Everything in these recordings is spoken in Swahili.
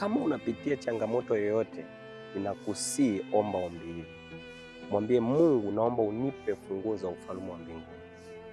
kama unapitia changamoto yoyote, ninakusii omba ombi hili, mwambie Mungu, naomba unipe funguo za ufalme wa mbinguni.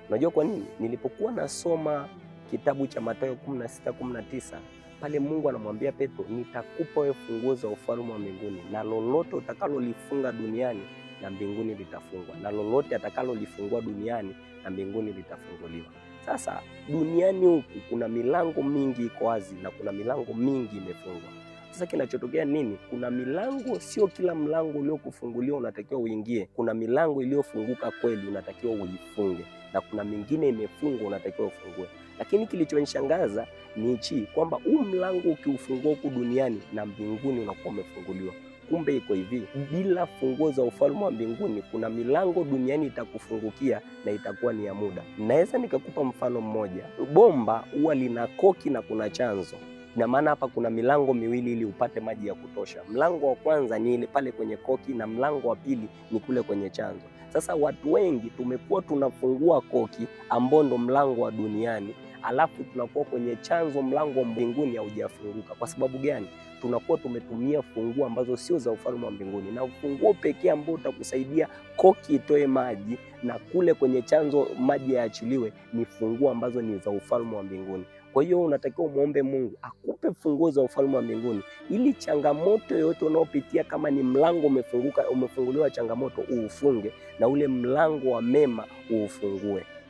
Unajua kwa nini? Nilipokuwa nasoma kitabu cha Mathayo 16 19 pale Mungu anamwambia Petro, nitakupa wewe funguo za ufalme wa mbinguni, na lolote utakalolifunga duniani na mbinguni litafungwa, na lolote atakalolifungua duniani na mbinguni litafunguliwa. Sasa duniani huku kuna milango mingi iko wazi na kuna milango mingi imefungwa. Sasa kinachotokea nini? Kuna milango, sio kila mlango uliokufunguliwa unatakiwa uingie. Kuna milango iliyofunguka kweli, unatakiwa uifunge, na kuna mingine imefungwa, unatakiwa ufungue. Lakini kilichonishangaza ni hichi kwamba huu mlango ukiufungua huku duniani na mbinguni unakuwa umefunguliwa. Kumbe iko hivi, bila funguo za ufalme wa mbinguni kuna milango duniani itakufungukia na itakuwa ni ya muda. Naweza nikakupa mfano mmoja. Bomba huwa lina koki na kuna chanzo Ina maana hapa kuna milango miwili ili upate maji ya kutosha. Mlango wa kwanza ni ile pale kwenye koki na mlango wa pili ni kule kwenye chanzo. Sasa watu wengi tumekuwa tunafungua koki ambao ndo mlango wa duniani alafu tunakuwa kwenye chanzo, mlango wa mbinguni haujafunguka. Kwa sababu gani? Tunakuwa tumetumia funguo ambazo sio za ufalme wa mbinguni, na ufunguo pekee ambao utakusaidia koki itoe maji na kule kwenye chanzo maji yaachiliwe ni funguo ambazo ni za ufalme wa mbinguni. Kwa hiyo unatakiwa umwombe Mungu akupe funguo za ufalme wa mbinguni, ili changamoto yoyote unaopitia, kama ni mlango umefunguka, umefunguliwa changamoto, uufunge na ule mlango wa mema uufungue.